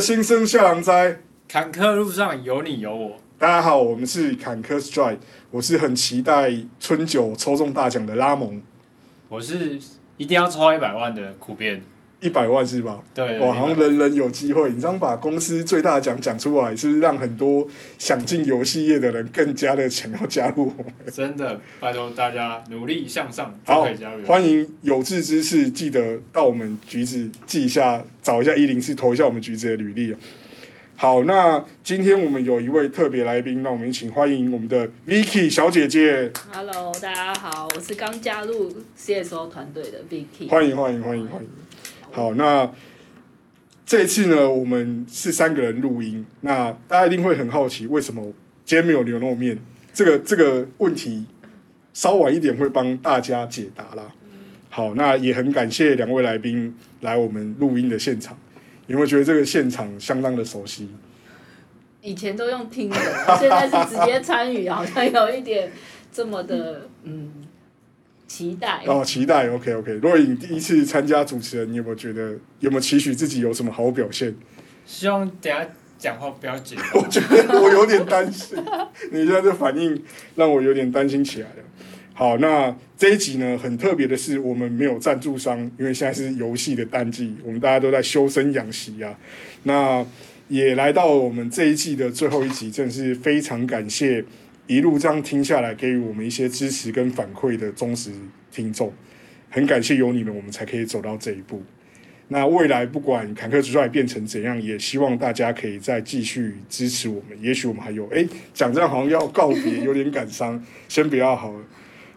新生下狼災，坎坷路上有你有我。大家好，我們是坎坷 strike。我是很期待春酒抽中大獎的拉蒙。我是一定要抽一百萬的苦變。一百萬是吧？對，哇，好像人人有機會。你這樣把公司最大獎講出來，是，是讓很多想進遊戲業的人更加的想要加入我們。真的，拜托大家努力向上加入好，歡迎有志之士，記得到我們橘子記一下，找一下一零四投一下我們橘子的履歷。好，那今天我們有一位特別來賓，讓我們請歡迎我們的 Vicky 小姐姐。Hello，大家好，我是剛加入 CSO 團隊的 Vicky 歡。歡迎歡迎歡迎歡迎。好，那這次呢，我們是三個人錄音，那大家一定會很好奇，為什麼今天沒有牛肉麵？這個這個問題稍晚一點會幫大家解答啦。嗯。好，那也很感謝兩位來賓來我們錄音的現場，有沒有覺得這個現場相當的熟悉？以前都用聽的，現在是直接參與，好 像有一點這麼的，嗯。嗯期待哦，期待。OK，OK、OK, OK。若影，第一次參加主持人，你有沒有覺得，有沒有期許自己有什麼好表現？希望等下講話不要急， 我覺得我有點擔心。 你現在這反應讓我有點擔心起來了。好，那這一集呢，很特別的是，我們沒有贊助商，因為現在是遊戲的淡季，我們大家都在修身養息啊。那也來到我們這一季的最後一集，真的是非常感謝。一路這樣聽下來，給予我們一些支持跟反饋的忠實聽眾，很感謝有你們，我們才可以走到這一步。那未來不管坎坷之外變成怎樣，也希望大家可以再繼續支持我們。也許我們還有，哎，講這樣好像要告別， 有點感傷，先不要好了。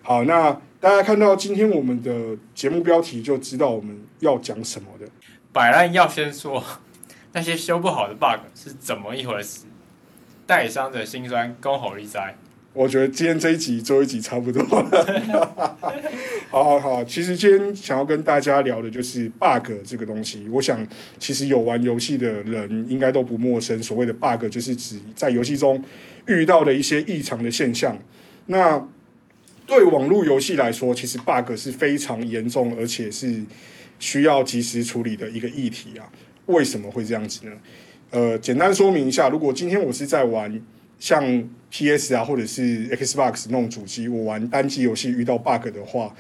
好，那大家看到今天我們的節目標題就知道我們要講什麼的。擺爛要先說，那些修不好的 bug 是怎麼一回事？代理商的辛酸，供吼哩災。我覺得今天這一集，最後一集差不多了。 好，好好，其實今天想要跟大家聊的就是 bug 這個東西。我想，其實有玩遊戲的人應該都不陌生，所謂的 bug 就是指在遊戲中遇到的一些異常的現象。那對網絡遊戲來說，其實 bug 是非常嚴重，而且是需要及時處理的一個議題啊。為什麼會這樣子呢？呃，簡單說明一下，如果今天我是在玩像…… P.S. 啊，或者是 Xbox 那種主機，我玩單機遊戲遇到 bug 的話，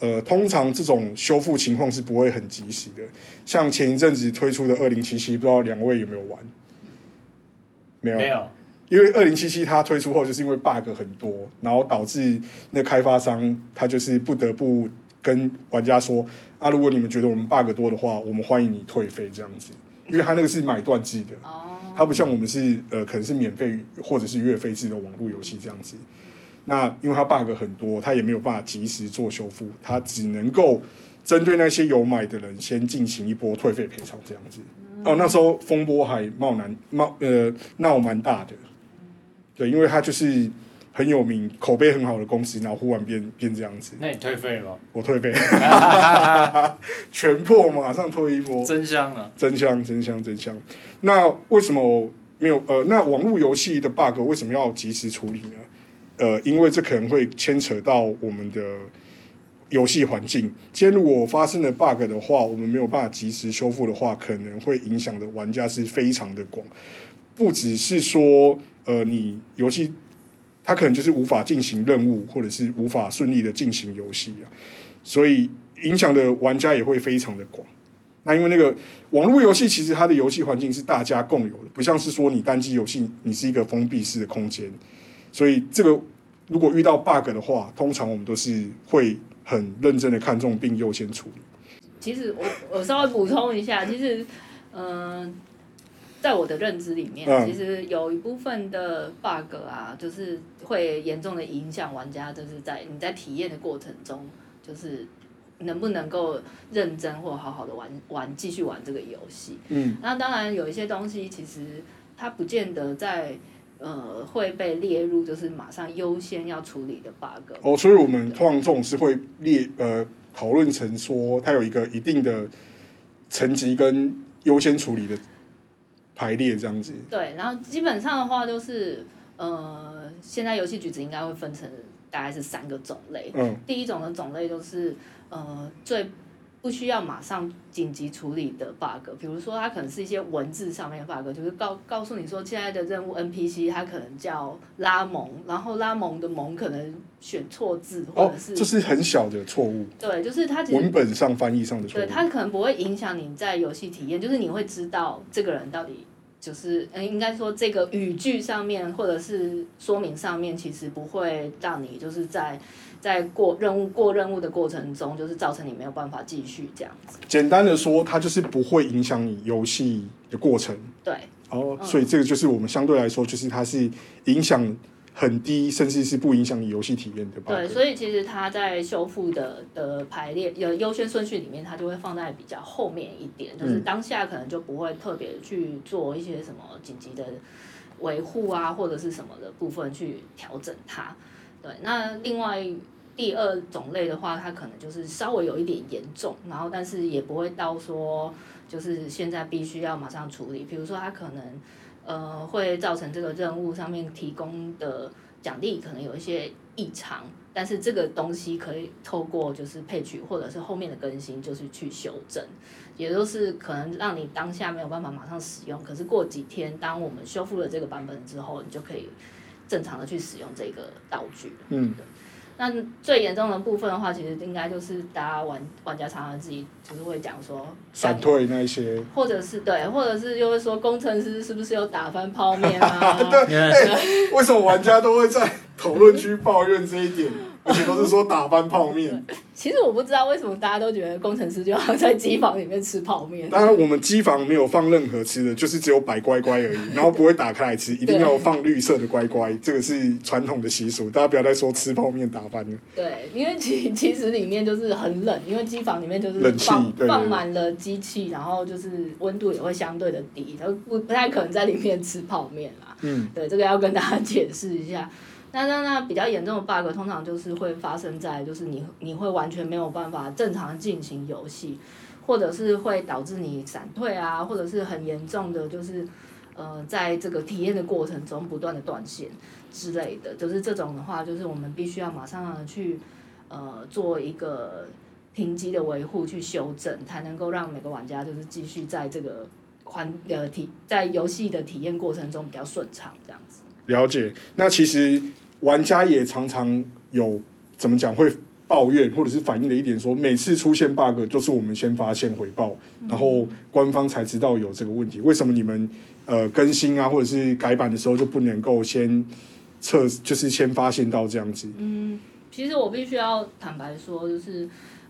呃，通常這種修復情況是不會很及時的。像前一陣子推出的二零七七，不知道兩位有沒有玩？沒有，沒有。因為二零七七它推出後，就是因為 bug 很多，然後導致那開發商他就是不得不跟玩家說，啊，如果你們覺得我們 bug 多的話，我們歡迎你退費這樣子。因為它那個是買斷制的，它不像我們是呃，可能是免費或者是月費制的網絡遊戲這樣子。那因為它 bug 很多，它也沒有辦法及時做修復，它只能夠針對那些有買的人先進行一波退費賠償這樣子。哦，那時候風波還鬧蠻鬧呃鬧蠻大的，對，因為它就是。很有名、口碑很好的公司，然後忽然變變這樣子，那你退費了？我退費， 全破，馬上退一波，真香了、啊，真香，真香，真香。那為什麼沒有？呃，那網絡遊戲的 bug 為什麼要及時處理呢？呃，因為這可能會牽扯到我們的遊戲環境。今天如果發生了 bug 的話，我們沒有辦法及時修復的話，可能會影響的玩家是非常的廣，不只是說呃，你遊戲。它可能就是無法進行任務，或者是無法順利的進行遊戲啊，所以影響的玩家也會非常的廣。那因為那個網絡遊戲其實它的遊戲環境是大家共有的，不像是說你單機遊戲，你是一個封閉式的空間，所以這個如果遇到 bug 的話，通常我們都是會很認真的看重並優先處理。其實我我稍微補充一下，其實嗯。呃在我的認知裡面，其實有一部分的 bug 啊，嗯、就是會嚴重的影響玩家，就是在你在體驗的過程中，就是能不能夠認真或好好的玩玩繼續玩這個遊戲。嗯，那當然有一些東西，其實它不見得在呃會被列入，就是馬上優先要處理的 bug。哦，所以我們通常是會列呃討論成說，它有一個一定的層級跟優先處理的。排列這樣子、嗯。對，然後基本上的話就是，呃，現在遊戲橘子應該會分成大概是三個種類。嗯。第一種的種類就是，呃，最不需要馬上緊急處理的 bug，比如說它可能是一些文字上面的 bug，就是告告訴你說現在的任務 NPC 它可能叫拉蒙，然後拉蒙的蒙可能選錯字，或者是、哦、這是很小的錯誤。對，就是它文本上翻譯上的錯誤。對，它可能不會影響你在遊戲體驗，就是你會知道這個人到底。就是，嗯，應該說這個語句上面，或者是說明上面，其實不會讓你就是在在過任務、過任務的過程中，就是造成你沒有辦法繼續這樣子。簡單的說，它就是不會影響你遊戲的過程。對。哦，所以這個就是我們相對來說，就是它是影響。很低，甚至是不影響你遊戲體驗的吧。對，所以其實它在修復的的排列有優先順序裡面，它就會放在比較後面一點，嗯、就是當下可能就不會特別去做一些什麼緊急的維護啊，或者是什麼的部分去調整它。對，那另外第二種類的話，它可能就是稍微有一點嚴重，然後但是也不會到說就是現在必須要馬上處理，比如說它可能。呃，會造成這個任務上面提供的獎勵可能有一些異常，但是這個東西可以透過就是配置，或者是後面的更新，就是去修正，也就是可能讓你當下沒有辦法馬上使用，可是過幾天當我們修復了這個版本之後，你就可以正常的去使用這個道具。嗯。那最嚴重的部分的話，其實應該就是大家玩玩家常,常常自己就是會講說，閃退那些，或者是對，或者是又會說工程師是不是有打翻泡面啊？ 對，哎、 欸， 為什麼玩家都會在討論區抱怨這一點？ 都 是說打翻泡麵。其實我不知道為什麼大家都覺得工程師就要在機房裡面吃泡面。當然，我們機房沒有放任何吃的，就是只有擺乖乖而已。然後不會打開來吃，一定要放綠色的乖乖，這個是傳統的習俗。大家不要再說吃泡面打翻了。對，因為其其實裡面就是很冷，因為機房裡面就是冷氣放滿了機器，然後就是溫度也會相對的低，然後不不太可能在裡面吃泡麵啦。嗯，對，這個要跟大家解釋一下。那那那比較嚴重的 bug 通常就是會發生在就是你你會完全沒有辦法正常進行遊戲，或者是會導致你閃退啊，或者是很嚴重的就是呃在這個體驗的過程中不斷的斷線之類的，就是這種的話就是我們必須要馬上去呃做一個停機的維護去修正，才能夠讓每個玩家就是繼續在這個環呃體在遊戲的體驗過程中比較順暢這樣子。了解，那其實。玩家也常常有怎麼講會抱怨，或者是反映了一點說，每次出現 bug 就是我們先發現回報，然後官方才知道有這個問題。嗯、為什麼你們呃更新啊，或者是改版的時候就不能夠先測，就是先發現到這樣子？嗯，其實我必須要坦白說，就是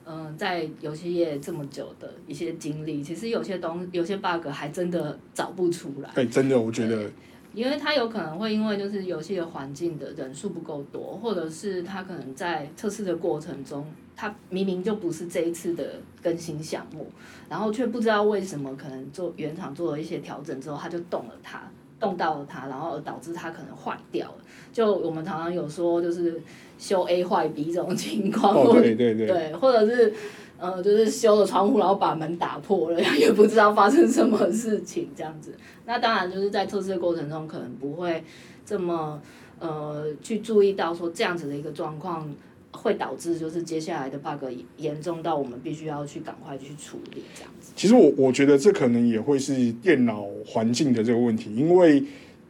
嗯、呃，在遊戲業這麼久的一些經歷，其實有些東有些 bug 還真的找不出來。對、欸，真的，我覺得。因為他有可能會因為就是遊戲的環境的人數不夠多，或者是他可能在測試的過程中，他明明就不是這一次的更新項目，然後卻不知道為什麼可能做原廠做了一些調整之後，他就動了它，動到了它，然後導致它可能壞掉了。就我們常常有說就是修 A 壞 B 這種情況，哦、對對對，對，或者是。呃，就是修了窗戶，然後把門打破了，然後也不知道發生什麼事情這樣子。那當然就是在測試的過程中，可能不會這麼呃去注意到說這樣子的一個狀況，會導致就是接下來的 bug 嚴重到我們必須要去趕快去處理這樣子。其實我我覺得這可能也會是電腦環境的這個問題，因為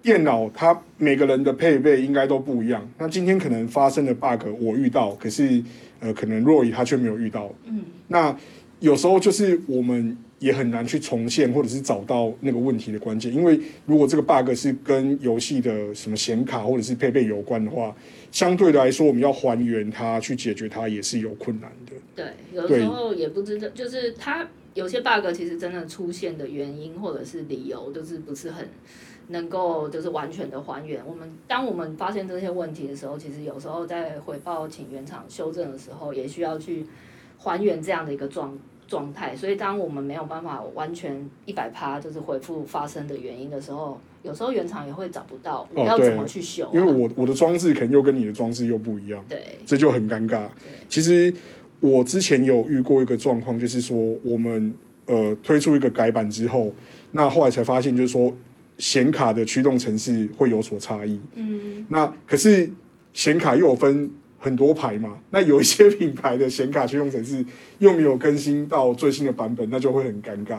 電腦它每個人的配備應該都不一樣。那今天可能發生的 bug 我遇到，可是。呃，可能若以他卻沒有遇到。嗯，那有時候就是我們也很難去重現，或者是找到那個問題的關鍵。因為如果這個 bug 是跟遊戲的什麼顯卡或者是配備有關的話，相對來說我們要還原它去解決它也是有困難的。對，對，有時候也不知道，就是它有些 bug 其實真的出現的原因或者是理由都是不是很，能夠就是完全的還原。我們當我們發現這些問題的時候，其實有時候在回報請原廠修正的時候，也需要去還原這樣的一個狀狀態。所以，當我們沒有辦法完全一百趴，就是回復發生的原因的時候，有時候原廠也會找不到你要怎麼去修啊。哦，因為我我的裝置可能又跟你的裝置又不一樣，對，這就很尷尬。其實我之前有遇過一個狀況，就是說我們呃推出一個改版之後，那後來才發現就是說。顯卡的驅動程式會有所差異，嗯，那可是顯卡又有分很多牌嘛，那有一些品牌的顯卡驅動程式又沒有更新到最新的版本，那就會很尷尬。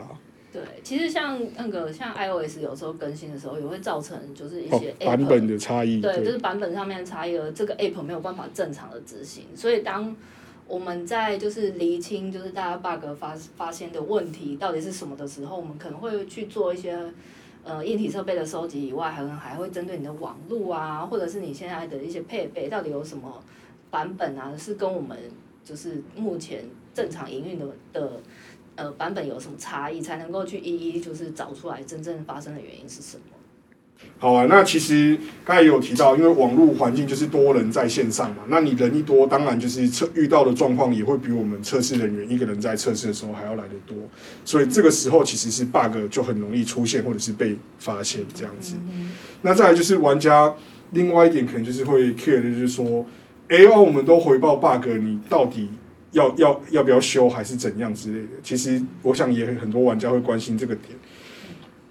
對，其實像那個像 iOS 有時候更新的時候，也會造成就是一些 APP、哦、版本的差異，對，就是版本上面的差異了，這個 app 沒有辦法正常的執行。所以當我們在就是釐清就是大家 bug 發發現的問題到底是什麼的時候，我們可能會去做一些。呃，硬體設備的收集以外，可能還會針對你的網路啊，或者是你現在的一些配備，到底有什麼版本啊，是跟我們就是目前正常營運的的呃版本有什麼差異，才能夠去一一就是找出來真正發生的原因是什麼。好啊，那其實剛才也有提到，因為網絡環境就是多人在線上嘛，那你人一多，當然就是測遇到的狀況也會比我們測試人員一個人在測試的時候還要來得多，所以這個時候其實是 bug 就很容易出現或者是被發現這樣子。嗯嗯。那再來就是玩家另外一點可能就是會 care 的就是說，哎、欸啊，我們都回報 bug，你到底要要要不要修還是怎樣之類的？其實我想也很多玩家會關心這個點。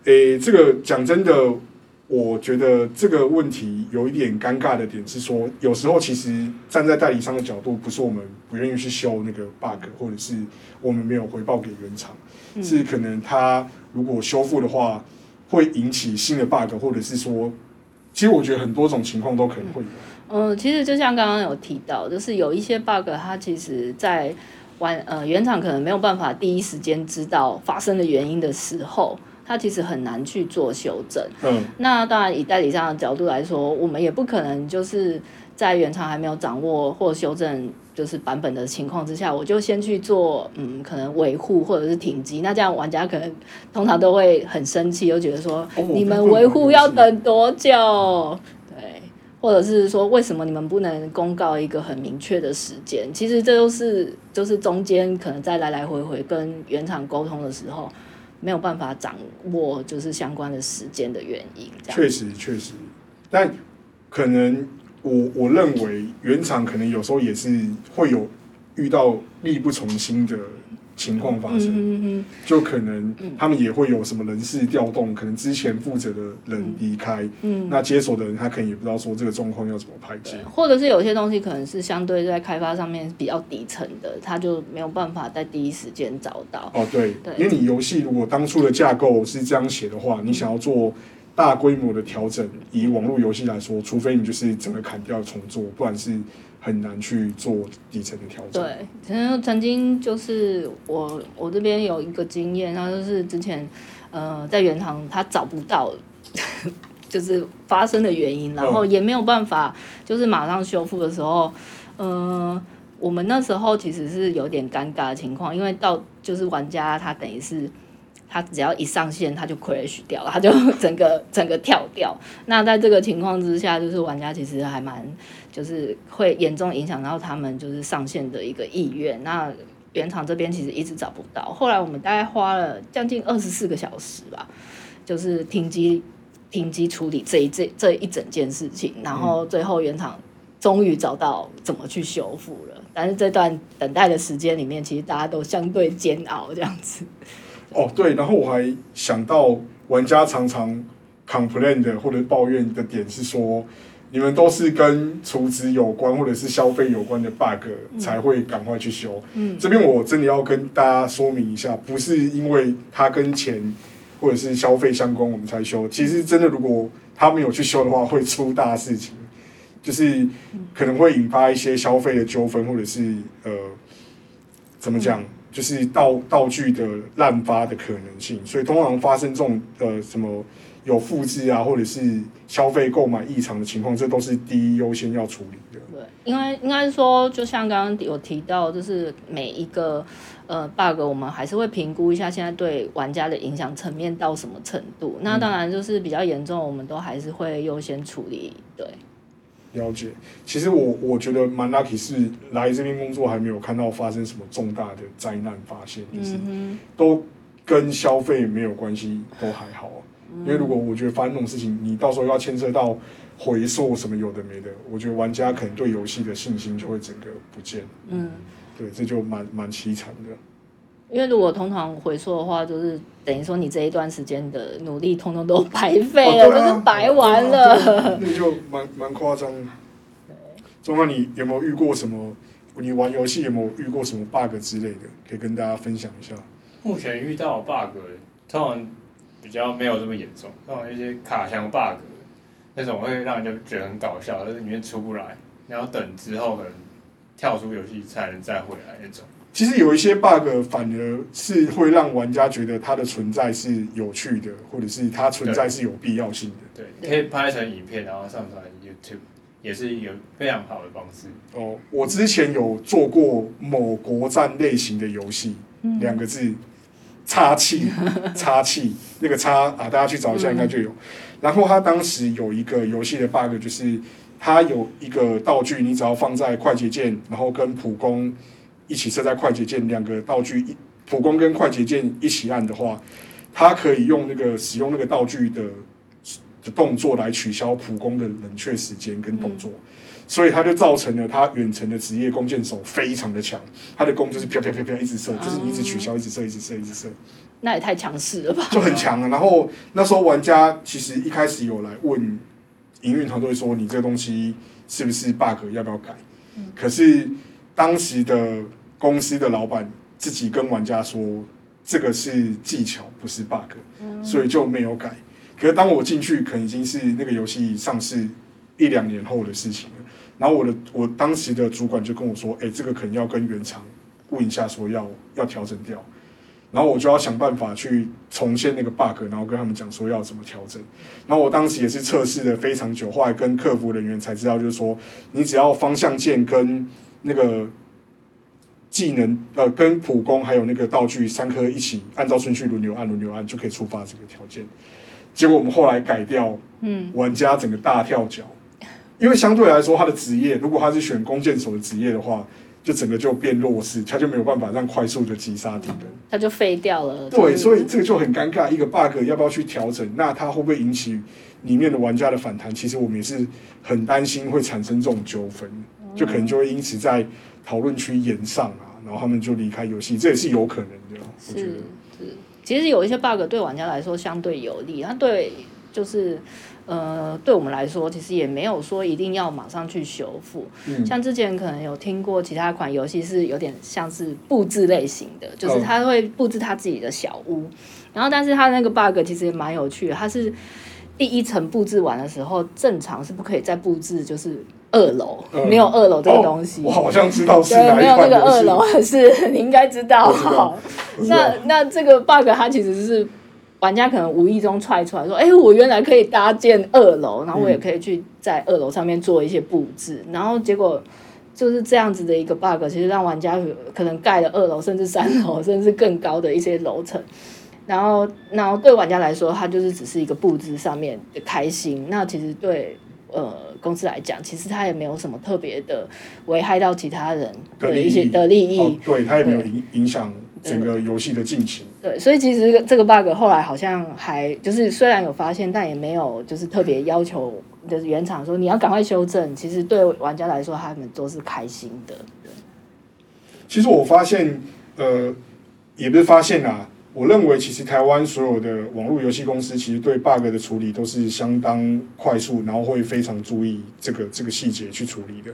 誒、欸，這個講真的。我覺得這個問題有一點尷尬的點是說，有時候其實站在代理商的角度，不是我們不願意去修那個 bug，或者是我們沒有回報給原廠，是可能它如果修復的話會引起新的 bug，或者是說，其實我覺得很多種情況都可能會有。嗯嗯。嗯，其實就像剛剛有提到，就是有一些 bug，它其實在玩呃原廠可能沒有辦法第一時間知道發生的原因的時候，它其實很難去做修正。嗯。那當然，以代理商的角度來說，我們也不可能就是在原廠還沒有掌握或修正就是版本的情況之下，我就先去做嗯，可能維護或者是停機。那這樣玩家可能通常都會很生氣，又覺得說、哦、你們維護要等多久？對，或者是說，為什麼你們不能公告一個很明確的時間？其實這都是、就是就是中間可能在來來回回跟原廠溝通的時候。沒有辦法掌握就是相關的時間的原因，確實確實，但可能我我認為原廠可能有時候也是會有遇到力不從心的。情況發生，嗯哼哼，就可能他們也會有什麼人事調動，嗯、可能之前負責的人離開，嗯，那接手的人他可能也不知道說這個狀況要怎麼排解，或者是有些東西可能是相對在開發上面比較底層的，他就沒有辦法在第一時間找到。哦對，對，因為你遊戲如果當初的架構是這樣寫的話，嗯、你想要做大規模的調整，嗯，以網絡遊戲來說，除非你就是整個砍掉重做，不然。是很難去做底層的調整。對，曾經曾經就是我我這邊有一個經驗，他就是之前呃在原廠他找不到呵呵就是發生的原因，嗯，然後也沒有辦法就是馬上修復的時候，嗯，呃，我們那時候其實是有點尷尬的情況，因為到就是玩家他等於是他只要一上線他就 crash 掉了，他就整個整個跳掉。那在這個情況之下，就是玩家其實還蠻。就是會嚴重影響到他們就是上線的一個意願。那原廠這邊其實一直找不到，後來我們大概花了將近二十四個小時吧，就是停機停機處理這一這這一整件事情，然後最後原廠終於找到怎麼去修復了。但是這段等待的時間裡面，其實大家都相對煎熬這樣子，就是。哦，對，然後我還想到玩家常常 complain 的或者抱怨的點是說。你們都是跟儲值有關或者是消費有關的 bug 才會趕快去修。嗯嗯。這邊我真的要跟大家說明一下，不是因為他跟錢或者是消費相關，我們才修。其實真的，如果他沒有去修的話，會出大事情，就是可能會引發一些消費的糾紛，或者是呃，怎麼講，就是道道具的濫發的可能性。所以通常發生這種呃什麼？有複製啊，或者是消費購買異常的情況，這都是第一優先要處理的。對，因為應該，應該是說，就像剛剛有提到，就是每一個呃 bug，我們還是會評估一下現在對玩家的影響層面到什麼程度。那當然就是比較嚴重，我們都還是會優先處理。對，嗯，了解。其實我我覺得蠻 lucky 是來這邊工作，還沒有看到發生什麼重大的災難發現，嗯，就是都跟消費沒有關係，都還好。 嗯、因為如果我覺得發生這種事情，你到時候要牽涉到回溯什麼有的沒的，我覺得玩家可能對遊戲的信心就會整個不見。嗯，對，這就蠻蠻淒慘的。因為如果通常回溯的話，就是等於說你這一段時間的努力通通都白費了，都、啊啊就是白玩了。啊啊、那你就蠻蠻誇張。鍾浩，嗯、你有沒有遇過什麼？你玩遊戲有沒有遇過什麼 bug 之類的？可以跟大家分享一下。目前遇到 bug，通常。比較沒有這麼嚴重，那種一些卡箱 bug，那種會讓人家覺得很搞笑，但是裡面出不來，你要等之後可能跳出遊戲才能再回來那種。其實有一些 bug 反而是會讓玩家覺得它的存在是有趣的，或者是它存在是有必要性的。對，可以拍成影片然後上傳 YouTube，也是一個非常好的方式。哦，我之前有做過某國戰類型的遊戲，兩、嗯、個字。插氣，插氣，那個插啊，大家去找一下，應該就有。嗯。然後他當時有一個遊戲的 bug，就是他有一個道具，你只要放在快捷鍵，然後跟普攻一起設在快捷鍵，兩個道具一普攻跟快捷鍵一起按的話，他可以用那個使用那個道具的。的動作來取消普攻的冷卻時間跟動作，所以他就造成了他遠程的職業弓箭手非常的強，他的弓就是啪啪啪啪一直射，就是你一直取消一直射一直射一直射，那也太強勢了吧？就很強了。然後那時候玩家其實一開始有來問營運團隊說：“你這個東西是不是 bug，要不要改？”可是當時的公司的老闆自己跟玩家說：“這個是技巧，不是 bug。”所以就沒有改。可是當我進去，可能已經是那個遊戲上市一兩年後的事情了。然後我的我當時的主管就跟我說：“誒、欸，這個可能要跟原廠問一下，說要要調整掉。”然後我就要想辦法去重現那個 bug，然後跟他們講說要怎麼調整。然後我當時也是測試了非常久，後來跟客服人員才知道，就是說你只要方向鍵跟那個技能呃，跟普攻還有那個道具三顆一起按照順序輪流按，輪流按就可以觸發這個條件。結果我們後來改掉，嗯，玩家整個大跳腳，因為相對來說，他的職業如果他是選弓箭手的職業的話，就整個就變弱勢，他就沒有辦法讓快速的擊殺敵人，他就廢掉了。對，所以這個就很尷尬，一個 bug 要不要去調整？那他會不會引起裡面的玩家的反彈？其實我們也是很擔心會產生這種糾紛，就可能就會因此在討論區炎上啊，然後他們就離開遊戲，這也是有可能的。我覺得是。其實有一些 bug 對玩家來說相對有利，他對就是呃，對我們來說其實也沒有說一定要馬上去修復。嗯。像之前可能有聽過其他款遊戲是有點像是布置類型的，就是他會布置他自己的小屋，哦。然後但是他那個 bug 其實也蠻有趣的，他是第一層布置完的時候，正常是不可以再布置，就是。二樓、嗯、沒有二樓這個東西，哦、我好像知道是哪一對沒有那個二樓，是,是你應該知道哈。那那這個 bug 它其實是玩家可能無意中踹出來說：“哎，我原來可以搭建二樓，然後我也可以去在二樓上面做一些布置。嗯”然後結果就是這樣子的一個 bug，其實讓玩家可能蓋了二樓，甚至三樓，甚至更高的一些樓層。然後，然後對玩家來說，它就是只是一個布置上面的開心。那其實對呃。公司來講，其實它也沒有什麼特別的危害到其他人的利益的利益，對，一些的利益，哦、對它也沒有影影響整個遊戲的進行，對。對，所以其實這個 bug 後來好像還就是雖然有發現，但也沒有就是特別要求，就是原廠說你要趕快修正。其實對玩家來說，他們都是開心的。對，其實我發現，呃，也不是發現啊。我認為，其實台灣所有的網絡遊戲公司，其實對 bug 的處理都是相當快速，然後會非常注意這個這個細節去處理的。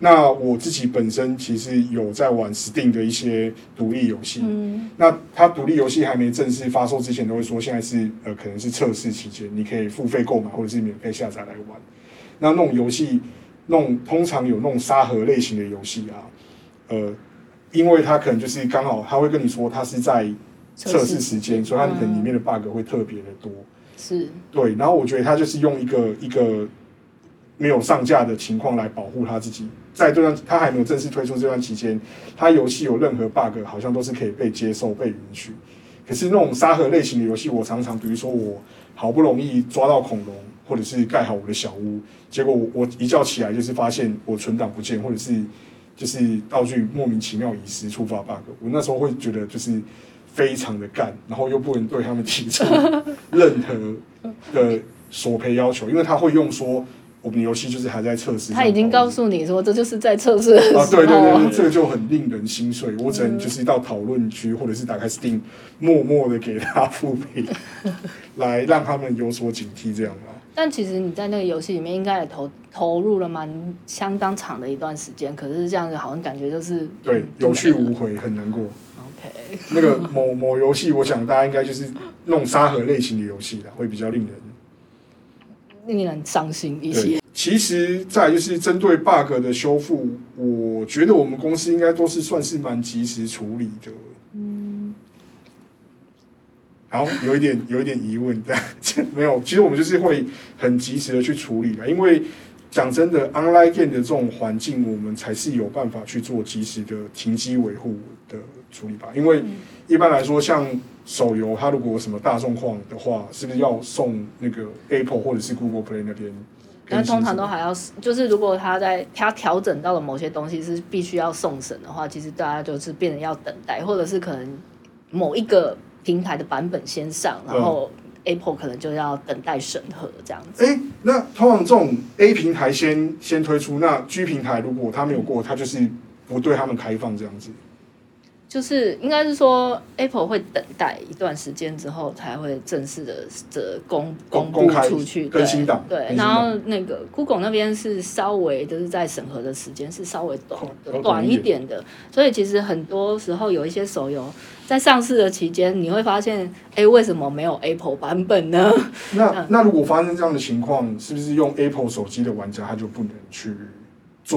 那我自己本身其實有在玩 Steam 的一些獨立遊戲，嗯，那他獨立遊戲還沒正式發售之前，都會說現在是呃可能是測試期間，你可以付費購買或者是免費下載來玩。那那種遊戲，那種通常有那種沙盒類型的遊戲啊，呃，因為他可能就是剛好他會跟你說，他是在。測試時間，嗯、所以它可能裡面的 bug 會特別的多。是，對。然後我覺得他就是用一個一個沒有上架的情況來保護他自己，在這段他還沒有正式推出這段期間，他遊戲有任何 bug，好像都是可以被接受、被允許。可是那種沙盒類型的遊戲，我常常比如說我好不容易抓到恐龍，或者是蓋好我的小屋，結果我我一覺起來就是發現我存檔不見，或者是就是道具莫名其妙遺失、觸發 bug，我那時候會覺得就是。非常的幹，然後又不能對他們提出任何的索賠要求， 因為他會用說我們的遊戲就是還在測試。他已經告訴你說這就是在測試。啊對對對，這個就很令人心碎。我只能就是到討論區，或者是打開 Steam，默默的給他負評，來讓他們有所警惕這樣。但其實你在那個遊戲裡面應該也投投入了蠻相當長的一段時間，可是這樣子好像感覺就是、嗯、對有去無回，很難過。 那個某某遊戲，我想大家應該就是那種沙盒類型的遊戲啦，會比較令人令人傷心一些。其實，再就是針對 bug 的修復，我覺得我們公司應該都是算是蠻及時處理的。嗯，好，有一點有一點疑問但沒有。其實我們就是會很及時的去處理的，因為講真的 ，Online Game 的這種環境，我們才是有辦法去做及時的停機維護的。處理吧，因為一般來說，像手遊，它如果有什麼大狀況的話，是不是要送那個 Apple 或者是 Google Play 那邊？但通常都還要，就是如果它在它調整到了某些東西是必須要送審的話，其實大家就是變得要等待，或者是可能某一個平台的版本先上，然後 Apple 可能就要等待審核這樣子。哎、嗯欸，那通常這種 A 平台先先推出，那 G 平台如果它沒有過，它就是不對他們開放這樣子。就是應該是說，Apple 會等待一段時間之後才會正式的這公公,布公開出去更新檔。對檔，然後那個 Google 那邊是稍微就是在審核的時間是稍微短、哦、短一點的，所以其實很多時候有一些手遊在上市的期間，你會發現，哎，為什麼沒有 Apple 版本呢？那 那,那如果發生這樣的情況，是不是用 Apple 手機的玩家他就不能去？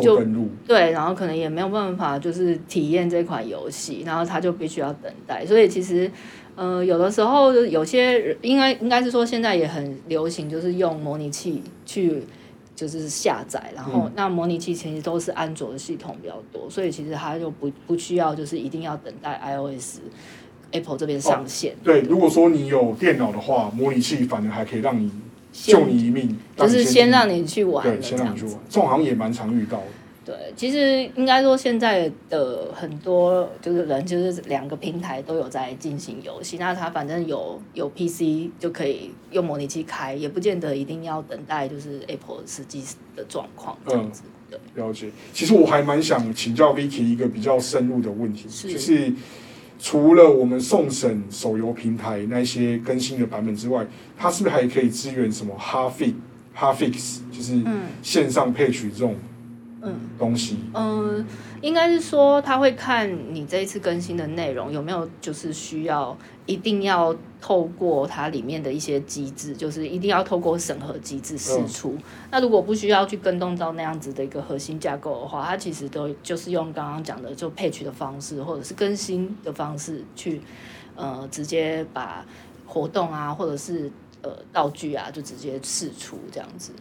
就對，然後可能也沒有辦法，就是體驗這款遊戲，然後他就必須要等待。所以其實，呃，有的時候有些人，應該應該是說現在也很流行，就是用模擬器去就是下載，然後、嗯、那模擬器其實都是安卓的系統比較多，所以其實他就不不需要就是一定要等待 iOS Apple 這邊上線，哦對對。對，如果說你有電腦的話，模擬器反而還可以讓你。救你一命，就是先讓你去玩，對，先讓你去玩，這種好像也蠻常遇到，對，其實應該說現在的很多就是人，就是兩個平台都有在進行遊戲，那他反正有有 PC 就可以用模擬器開，也不見得一定要等待就是 Apple 實際的狀況這樣子。對，嗯，了解。其實我還蠻想請教 Vicky 一個比較深入的問題，就是。除了我們送審手遊平台那些更新的版本之外，它是不是還可以支援什麼 hotfix、hotfix，就是線上配曲這種？嗯，東、嗯、西，嗯，應該是說他會看你這一次更新的內容有沒有就是需要一定要透過它裡面的一些機制，就是一定要透過審核機制釋出、嗯。那如果不需要去更動到那樣子的一個核心架構的話，它其實都就是用剛剛講的就 patch 的方式或者是更新的方式去，呃，直接把活動啊或者是，呃，道具啊，就直接釋出這樣子。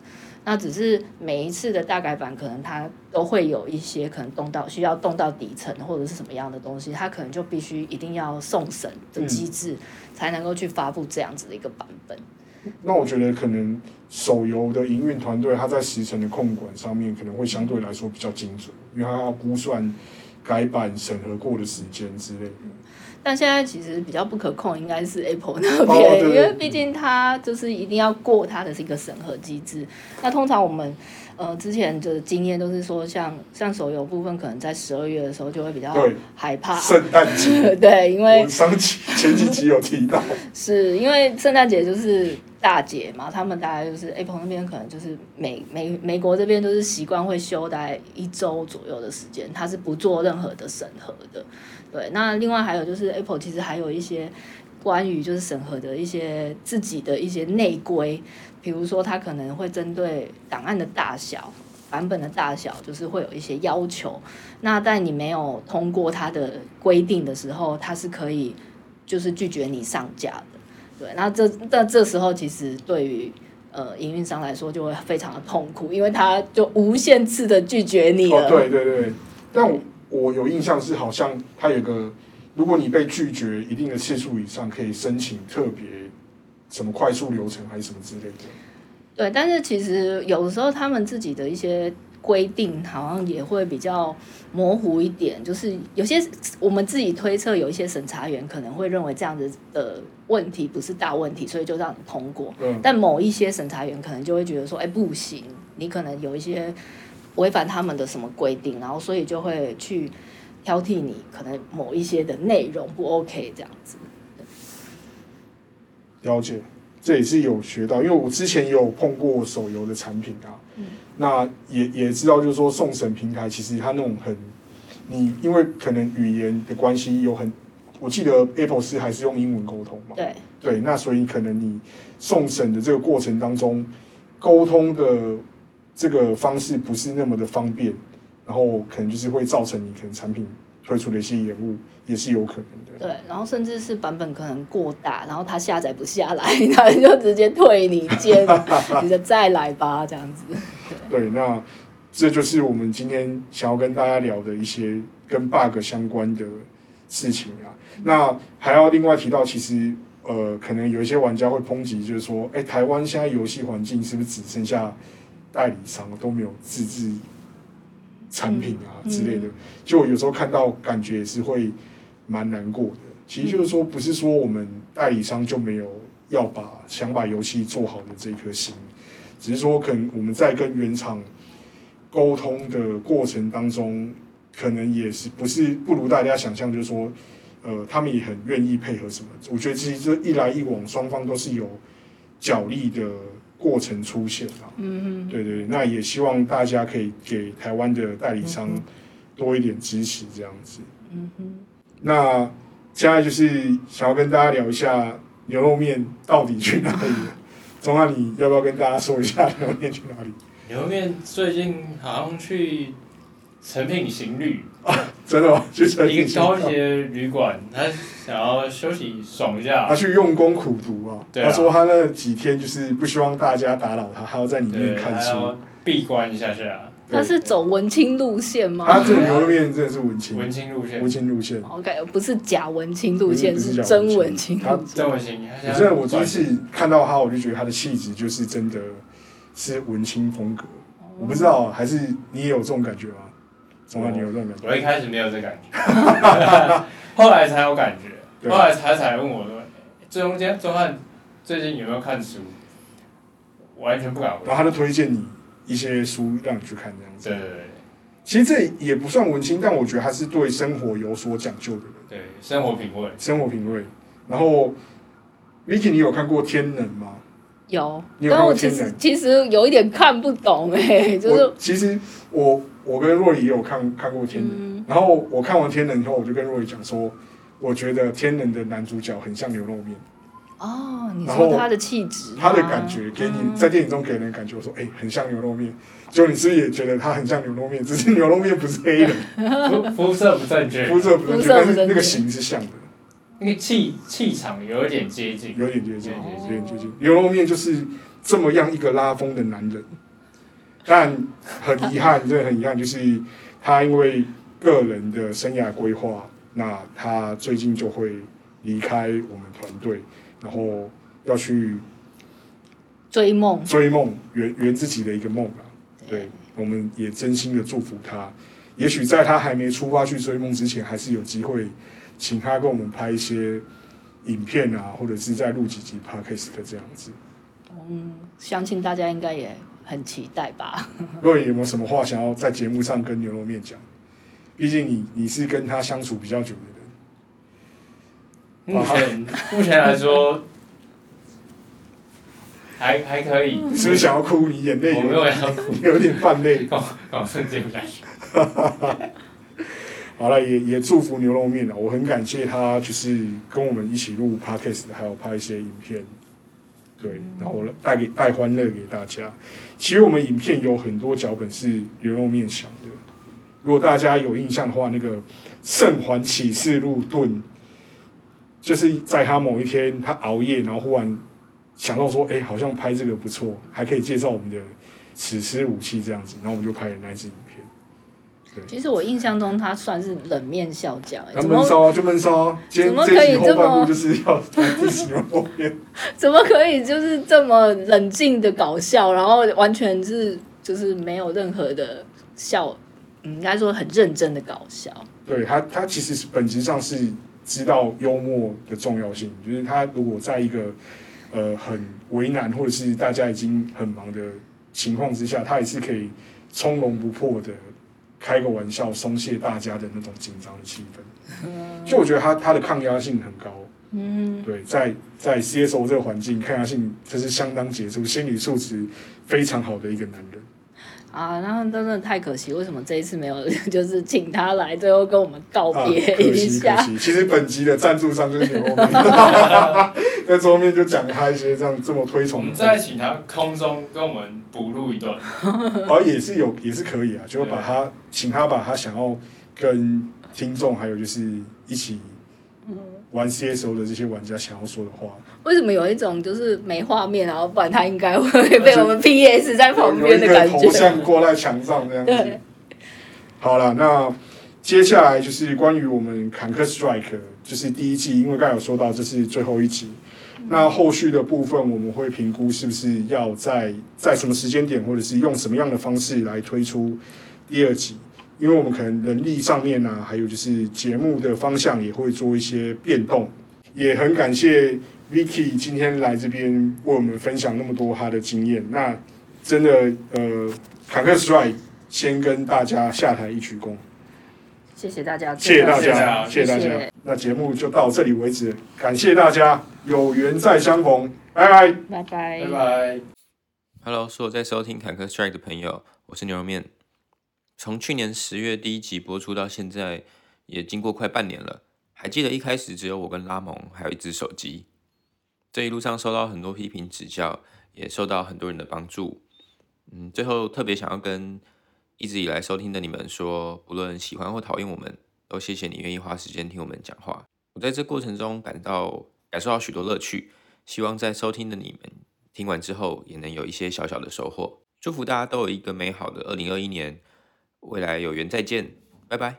那只是每一次的大改版，可能它都會有一些可能動到需要動到底層或者是什麼樣的東西，它可能就必須一定要送審的機制才能夠去發布這樣子的一個版本、嗯。那我覺得可能手遊的營運團隊，他在時程的控管上面可能會相對來說比較精準，因為它要估算改版審核過的時間之類的。但現在其實比較不可控，應該是 Apple 那邊，哦，因為畢竟它就是一定要過它的是一個審核機制，嗯。那通常我們呃之前的經驗都是說，像像手遊部分，可能在十二月的時候就會比較害怕聖誕節，對，聖誕節 對，因為前幾期，期有提到， 是因為聖誕節就是。大姐嘛，他們大概就是 Apple 那邊，可能就是美美美國這邊就是習慣會修大概一周左右的時間，它是不做任何的審核的。對，那另外還有就是 Apple 其實還有一些關於就是審核的一些自己的一些內規，比如說它可能會針對檔案的大小、版本的大小，就是會有一些要求。那在你沒有通過它的規定的時候，它是可以就是拒絕你上架的。對，那這那這時候其實對於呃營運商來說就會非常的痛苦，因為他就無限次的拒絕你了。Oh, 對對對。但我我有印象是，好像他有個，如果你被拒絕一定的次數以上，可以申請特別什麼快速流程還是什麼之類的。對，但是其實有的時候他們自己的一些。規定好像也會比較模糊一點，就是有些我們自己推測，有一些審查員可能會認為這樣子的問題不是大問題，所以就讓你通過。嗯。但某一些審查員可能就會覺得說：“哎、欸，不行，你可能有一些違反他們的什麼規定，然後所以就會去挑剔你，可能某一些的內容不 OK 這樣子。”了解，這也是有學到，因為我之前有碰過手遊的產品啊。嗯。那也也知道，就是說送審平台其實它那種很，你因為可能語言的關係有很，我記得 Apple 是還是用英文溝通嘛，對，對，那所以可能你送審的這個過程當中，溝通的這個方式不是那麼的方便，然後可能就是會造成你可能產品。推出的一些延誤也是有可能的。對，然後甚至是版本可能過大，然後它下載不下來，它就直接退你接 你的再來吧，這樣子。對，對，那這就是我們今天想要跟大家聊的一些跟 bug 相關的事情啊。嗯、那還要另外提到，其實呃，可能有一些玩家會抨擊，就是說，誒，台灣現在遊戲環境是不是只剩下代理商都沒有自製？產品啊之類的，就有時候看到感覺也是會蠻難過的。其實就是說，不是說我們代理商就沒有要把想把遊戲做好的這顆心，只是說可能我們在跟原廠溝通的過程當中，可能也是不是不如大家想象，就是說，呃，他們也很願意配合什麼。我覺得其實這一來一往，雙方都是有角力的。過程出現啊，嗯對，對對，那也希望大家可以給台灣的代理商多一點支持。這樣子，嗯，那現在就是想要跟大家聊一下牛肉麵到底去哪裡？從、嗯、那你要不要跟大家說一下牛肉麵去哪裡？牛肉麵最近好像去。誠品行旅啊，真的嗎？就誠品行旅，一個找一些旅館、啊，他想要休息爽一下、啊。他、啊、去用功苦讀啊，他說他那幾天就是不希望大家打擾他，他要在裡面看書，閉關一下下、啊。他是走文青路線嗎？他這牛肉麵真的是文青、啊，文青路線，文青路線。我感覺不是假文青路線，是，是真文青路線。他真文青。現在我第一次看到他，我就覺得他的氣質就是真的是文青風格、哦。我不知道，還是你也有這種感覺嗎？哦哦、有我一開始沒有這個感覺， 後來才有感覺。 後來才才問我說：“這中漢最近有沒有看書？”我完全不敢問。然後他就推薦你一些書讓你去看，這樣子。對,對,對,對，其實這也不算文青，但我覺得他是對生活有所講究的人。對，生活品味，生活品味。然後，Vicky，你有看過《天能》嗎？有，但我其實其實有一點看不懂、欸，哎，就是其實我。我跟若雨也有看看過天人《天、嗯、然後我看完《天人》以後，我就跟若雨講說，我覺得《天人》的男主角很像牛肉麵。哦，你說他的氣質、啊，他的感覺，給你、嗯、在電影中給人的感覺，我說哎，很像牛肉麵。就你是不是也覺得他很像牛肉麵？只是牛肉麵不是黑人，膚 色不正確，膚色不正確，但是那個形是像的。那個氣氣場有點接近，有點接近、哦，有點接近。牛肉麵就是這麼樣一個拉風的男人。 但很遺憾，真的很遺憾，就是他因為個人的生涯規劃，那他最近就會離開我們團隊，然後要去追夢，追夢圓圓自己的一個夢、啊、對，對，我們也真心的祝福他。也許在他還沒出發去追夢之前，還是有機會請他跟我們拍一些影片啊，或者是在錄幾集 Podcast 的這樣子。嗯，相信大家應該也。很期待吧？若雨有沒有什麼話想要在節目上跟牛肉麵講？畢竟你你是跟他相處比較久的人。目前、啊、目前來說 還還可以。是不是想要哭？你眼淚？有沒有，我沒有要哭，有點泛淚 好了，也也祝福牛肉麵了。我很感謝他，就是跟我們一起錄 podcast，還有拍一些影片。對，然後帶給帶歡樂給大家。其實我們影片有很多腳本是牛肉麵想的。如果大家有印象的話，那個《聖環啟示錄》盾，就是在他某一天他熬夜，然後忽然想到說：“哎，好像拍這個不錯，還可以介紹我們的史詩武器這樣子。”然後我們就拍了那隻。對，其實我印象中，他算是冷面笑匠、欸。他悶騷、啊、就悶騷、啊，怎麼可以這麼？這就是要來執行默片怎麼可以就是這麼冷靜的搞笑，然後完全是就是沒有任何的笑，應該說很認真的搞笑。對他，他其實是本質上是知道幽默的重要性，就是他如果在一個呃很為難，或者是大家已經很忙的情況之下，他也是可以從容不迫的。開個玩笑，鬆懈大家的那種緊張的氣氛，就我覺得他他的抗壓性很高，嗯，對，在在 CSO 這個環境，抗壓性這是相當傑出，心理素質非常好的一個男人。啊，那真的太可惜，為什麼這一次沒有就是請他來最後跟我們告別一下？啊。其實本集的贊助商就是我們， 在桌面就講他一些這樣這麼推崇的。我們再請他空中跟我們補錄一段，好、啊、也是有也是可以啊，就把他請他把他想要跟聽眾還有就是一起。玩 CSO 的這些玩家想要說的話，為什麼有一種就是沒畫面，然後不然他應該會被我們 PS 在旁邊的感覺，像掛在牆上那樣子。好了，那接下來就是關於我們《坎坷 Strike》，就是第一季，因為剛才有說到這是最後一集、嗯，那後續的部分我們會評估是不是要在在什麼時間點，或者是用什麼樣的方式來推出第二集。因為我們可能人力上面呢、啊，還有就是節目的方向也會做一些變動，也很感謝 Vicky 今天來這邊為我們分享那麼多她的經驗。那真的，呃，坎坷 Strike 先跟大家下台一鞠躬，謝謝大家，謝謝大家，謝謝，謝，謝大家謝謝。那節目就到這裡為止，感謝大家，有緣再相逢，拜拜，拜拜，拜拜。Hello，是我在收聽坎坷 Strike 的朋友，我是牛肉麵。從去年十月第一集播出到現在，也經過快半年了。還記得一開始只有我跟拉蒙，還有一隻手機。這一路上收到很多批評指教，也受到很多人的幫助。嗯，最後特別想要跟一直以來收聽的你們說，不論喜歡或討厭我們，都謝謝你願意花時間聽我們講話。我在這過程中感到感受到許多樂趣，希望在收聽的你們聽完之後，也能有一些小小的收穫。祝福大家都有一個美好的二零二一年。未來有緣再見，拜拜。